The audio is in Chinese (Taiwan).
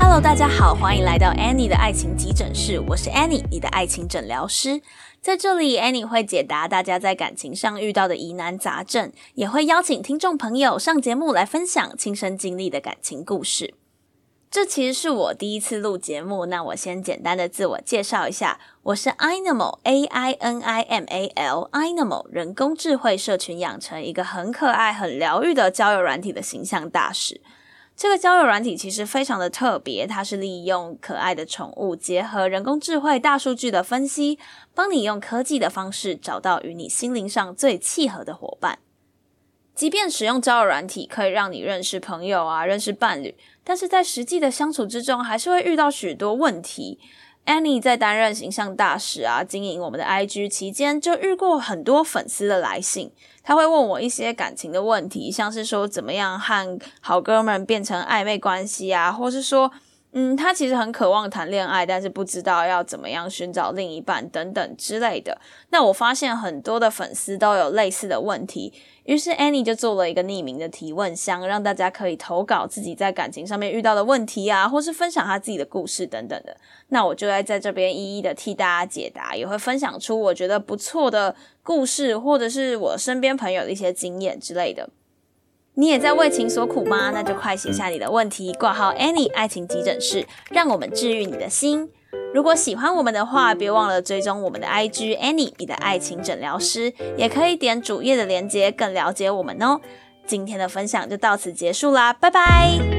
Hello，大家好，歡迎來到 Annie 的愛情急診室，我是 Annie，你的愛情診療師。在這裡，Annie 會解答大家在感情上遇到的疑難雜症，也會邀請聽眾朋友上節目來分享親身經歷的感情故事。這其實是我第一次錄節目，那我先簡單的自我介紹一下，我是 Ainimal A I N I M A L Ainimal，人工智慧社群養成一個很可愛、很療癒的交友軟體的形象大使。這個交友軟體其實非常的特別，它是利用可愛的寵物結合人工智慧、大數據的分析，幫你用科技的方式找到與你心靈上最契合的夥伴。即便使用交友軟體可以讓你認識朋友啊，認識伴侶，但是在實際的相處之中，還是會遇到許多問題。Annie 在擔任形象大使啊，經營我們的 IG 期間，就遇過很多粉絲的來信，他會問我一些感情的問題，像是說怎麼樣和好哥們變成曖昧關係啊，或是說。嗯，他其實很渴望談戀愛，但是不知道要怎麼樣尋找另一半等等之類的。那我發現很多的粉絲都有類似的問題，於是 Annie 就做了一個匿名的提問箱，讓大家可以投稿自己在感情上面遇到的問題啊，或是分享他自己的故事等等的。那我就來在這邊一一的替大家解答，也會分享出我覺得不錯的故事，或者是我身邊朋友的一些經驗之類的。你也在為情所苦嗎？那就快寫下你的問題，掛號 Annie 愛情急診室，讓我們治癒你的心。如果喜歡我們的話，別忘了追蹤我們的 IG Annie 你的愛情診療師，也可以點主頁的連結更了解我們哦、喔。今天的分享就到此結束啦，拜拜。